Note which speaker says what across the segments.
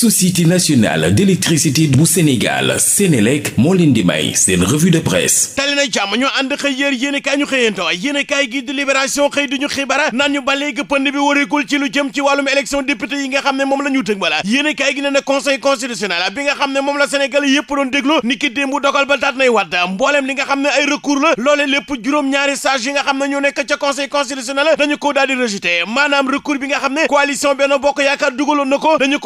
Speaker 1: société nationale d'électricité bu Sénégal Sénélec moo leen di may seen revue de presse tali na jàmm ñu ànd xëy yéer yéenekaay ñu xëyantoo yéenekaay gi di libération xëy duñu xibaar naan ñu balee gëppand bi wareegul ci lu jëm ci wàllum élection député yi nga xam ne moom la ñu tëg bala yéenekaay gi ne na conseil nga xam ne moom la Sénégal yépp doon déglu ni ki démb dogal ba daat nay wàdd mbooleem li nga xam ne ay recours la loole lépp juróom-ñaari sages yi nga xam ne ñoo nekk ca conseil constitutionnel dañu ko daal di rejeté ne coalition Benno Bokk Yaakaar dugaloon na ko dañu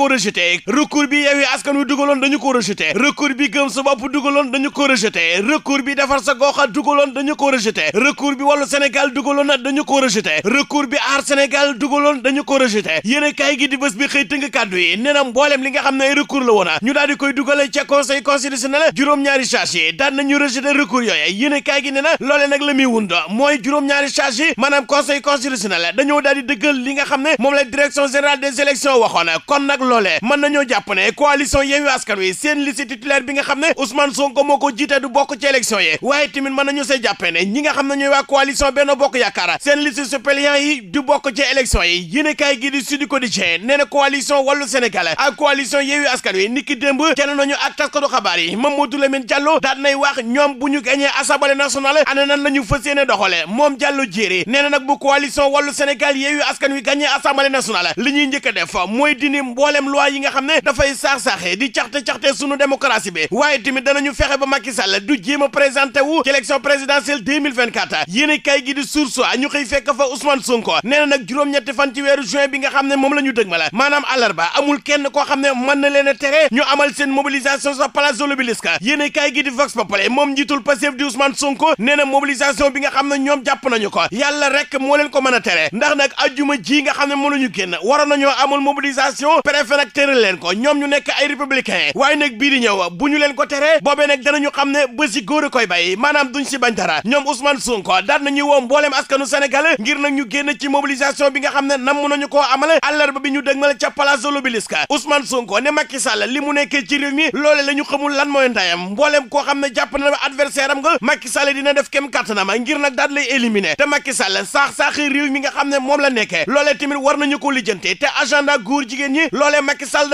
Speaker 1: recours bi Yewwi Askan Wi dugaloon dañu ko rejeté recours bi Gëm sa bopp dugaloon dañu ko rejeté recours bi Defar sa gox dugaloon dañu ko rejeté recours bi Wallu Sénégal dugaloon dañu ko rejeté recours bi Aar Sénégal dugaloon dañu ko rejeté yéen kaay gi di bi xëy tënk kàddu yi nee li nga xam ne ay recours la woon ñu daal di koy dugale ca conseil constitutionnel juróom-ñaari charge yi daan nañu rejeté recours yooyu yéen kaay gi nee na loolee nag la muy wundo mooy juróom-ñaari charge yi maanaam conseil constitutionnel dañoo daal di li nga xam ne moom la direction générale des élections waxoon kon mën nañ dañoo jàpp ne coalition Yewwi Askan Wi seen liste titulaire bi nga xam ne Ousmane Sonko moo ko jiite du bokk ci élection yi waaye tamit mën nañu see jàppee ne ñi nga xam ne ñooy waa coalition Benno Bokk Yaakaar seen liste suppléant yi du bokk ci élection yi yéen kaay gi di Sud Quotidien nee na coalition Wallu Sénégal ak coalition Yewwi Askan Wi niki démb kenn nañu ak taskatu xabaar yi Mamadou Lamine Diallo daan nay wax ñoom bu ñu gañee Assemblée nationale ana nan la ñu fas yéene doxale moom Diallo jéeri nee na nag bu coalition Wallu Sénégal Yewwi Askan Wi gañee Assemblée nationale li ñuy njëkk a def mooy dindi mboolem loi yi nga xam xam ne dafay saax-saaxee di caxte-caxte sunu démocratie bi waaye tamit danañu fexe ba Macky Sall du jéem a présenté wu ci élection présidentielle 2024 yéen a kay gi di source ñu xëy fekk fa Ousmane Sonko nee na nag juróom-ñetti fan ci weeru juin bi nga xam ne moom la ñu dëg ma la maanaam àllarba amul kenn koo xam ne mën na leen a tere ñu amal seen mobilisation sa place de l'Obélisque yéen a kay gi di Vox Populi moom njiitul Pastef di Ousmane Sonko nee na mobilisation bi nga xam ne ñoom jàpp nañu ko yàlla rek moo leen ko mën a tere ndax nag ajjuma ji nga xam ne moom la waroon nañoo amul mobilisation préfet nag tere leen leen ko ñoom ñu nekk ay républicain waaye nag bii ñëw bu ñu leen ko teree boobee nag danañu xam ne bési góor a koy bay maanaam duñ si bañ dara ñoom Ousmane Sonko daan nañuy woo mbooleem askanu Sénégal ngir nag ñu génn ci mobilisation bi nga xam ne nam nañu koo amale àllarba bi ñu dëgmal ca place de l'Obélisque Ousmane Sonko ne Macky Sall li mu nekkee ci réew mi loole la ñu xamul lan mooy ndayam mbooleem koo xam ne jàpp na adversaire am nga Macky Sall dina def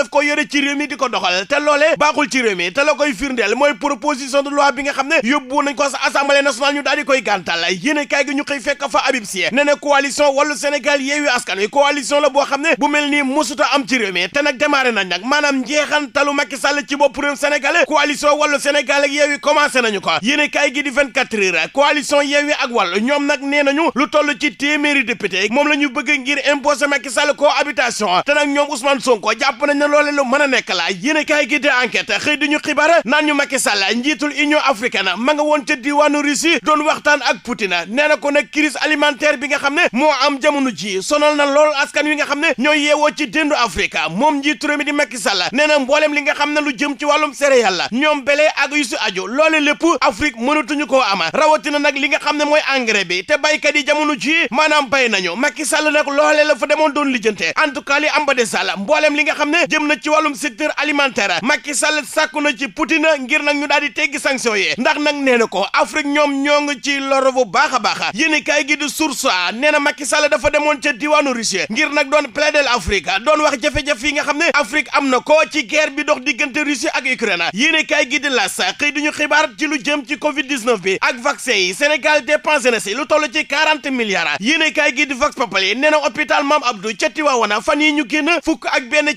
Speaker 1: daf ko yore ci réew mi di ko doxal te loolee baaxul ci réew mi te la koy firndeel mooy proposition de loi bi nga xam ne yóbbu nañ ko sa assemblée nationale ñu daal di koy gàntal gi ñu xëy fekk fa Habib Sy ne ne coalition wàllu Sénégal yeewu askan wi coalition la boo xam ne bu mel nii musuta am ci réew mi te nag démarré nañ nag maanaam njeexantalu Macky Sall ci bopp réew Sénégal coalition wàllu Sénégal ak yeewu commencé nañu ko yéene kaay gi di 24 heures coalition yeewu ak wàllu ñoom nag nee nañu lu toll ci téeméeri député moom la ñu bëgg ngir imposer Macky Sall cohabitation te nag ñoom Ousmane Sonko jàpp nañ loole lu mën a nekk la yéen kaay gi di enquête xëy di ñu xibaar naan ñu Macky Sall njiitul Union africaine ma nga woon ca diwaanu Russie doon waxtaan ak Poutine nee na ko nag crise alimentaire bi nga xam ne moo am jamono jii sonal na lool askan wi nga xam ne ñooy yeewoo ci déndu Afrique moom njiitu réew mi di Macky Sall nee na mbooleem li nga xam ne lu jëm ci wàllum céréales la ñoom belee ak yu aju loole lépp Afrique mënatuñu ko ama rawatina nag li nga xam ne mooy engrais bi te yi jamono ji maanaam bay nañu Macky Sall nag loole la fa demoon doon lijjante en tout cas li am ba de Sall mbooleem li nga xam jëm na ci wàllum secteur alimentaire Macky Sall sàkku na ci Poutine ngir nag ñu daal di teggi yi ndax nag nee na ko Afrique ñoom ñoo ngi ci loro bu baax a baax yéen kaay gi di source nee na Macky Sall dafa demoon ca diwaanu Russie ngir nag doon plaider Afrique doon wax jafe-jafe nga xam ne Afrique am na ko ci guerre bi dox diggante Russie ak Ukraine yéen kaay gi di las xëy duñu xibaar ci lu jëm ci Covid 19 bi ak vaccin yi Sénégal dépensé na si lu toll ci quarante milliards yéen kaay gi di Vox Populi nee na hôpital Mame yi ñu génn fukk ak benn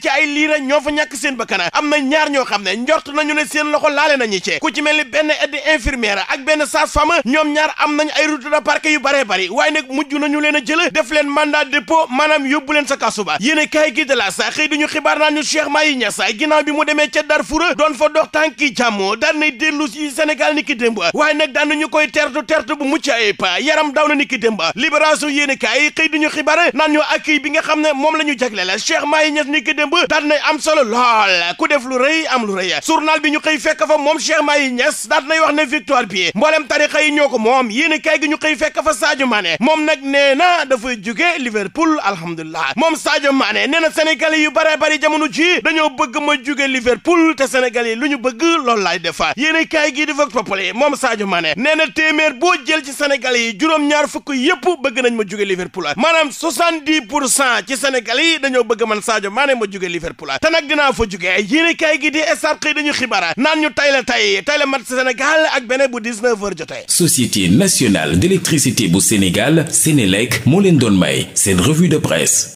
Speaker 1: ne ñoo fa ñàkk seen bakkan am na ñaar ñoo xam ne njort nañu ne seen loxo laale nañu ci ku ci mel ni benn aide infirmière ak benn sage-femme ñoom ñaar am nañ ay retour de parquet yu baree bari waaye nag na nañu leen a jël def leen mandat dépôt maanaam yóbbu leen sa kasu ba yéen a kaay gi de la sa xëy duñu xibaar naan ñu Cheikh bi mu demee ca Darfour doon fa dox tànki jàmm daan nay dellu ci Sénégal ni ki démb waaye nag daan nañu koy tertu tertu bu mucc ayib yaram daw na ni ki démb libération yéen a kaay xëy duñu xibaar naan ñu accueil bi nga xam ne moom la ñu jagle la Cheikh Mahi am solo lool ku def lu rëy am lu rëy journal bi ñu xëy fekk fa moom Cheikh Mahi Niass daat nay wax ne victoire bi mboolem tarixa yi ñoo ko moom yéen kay gi ñu xëy fekk fa Sadio Mané moom nag nee na dafay jóge Liverpool alhamdulilah moom Sadio Mané nee na sénégalais yu bare bari jamono ji dañoo bëgg ma jóge Liverpool te sénégalais yi lu ñu bëgg loolu laay defa yéen kay gi di Vox moom Sadio Mané nee na téeméer boo jël ci sénégalais yi juróom-ñaar fukk yëpp bëgg nañ ma jóge Liverpool maanaam 70 pour cent ci sénégalais yi dañoo bëgg man Sadio Mané ma jóge Liverpool la te nag dinaa fa jugee yéene kaay gi di Stades xëy dañu xibaar naan ñu tay la tay tay la match Sénégal ak beneen bu 19h jotee. Société nationale d'électricité bu Sénégal Sénélec moo leen doon may seen revue de presse.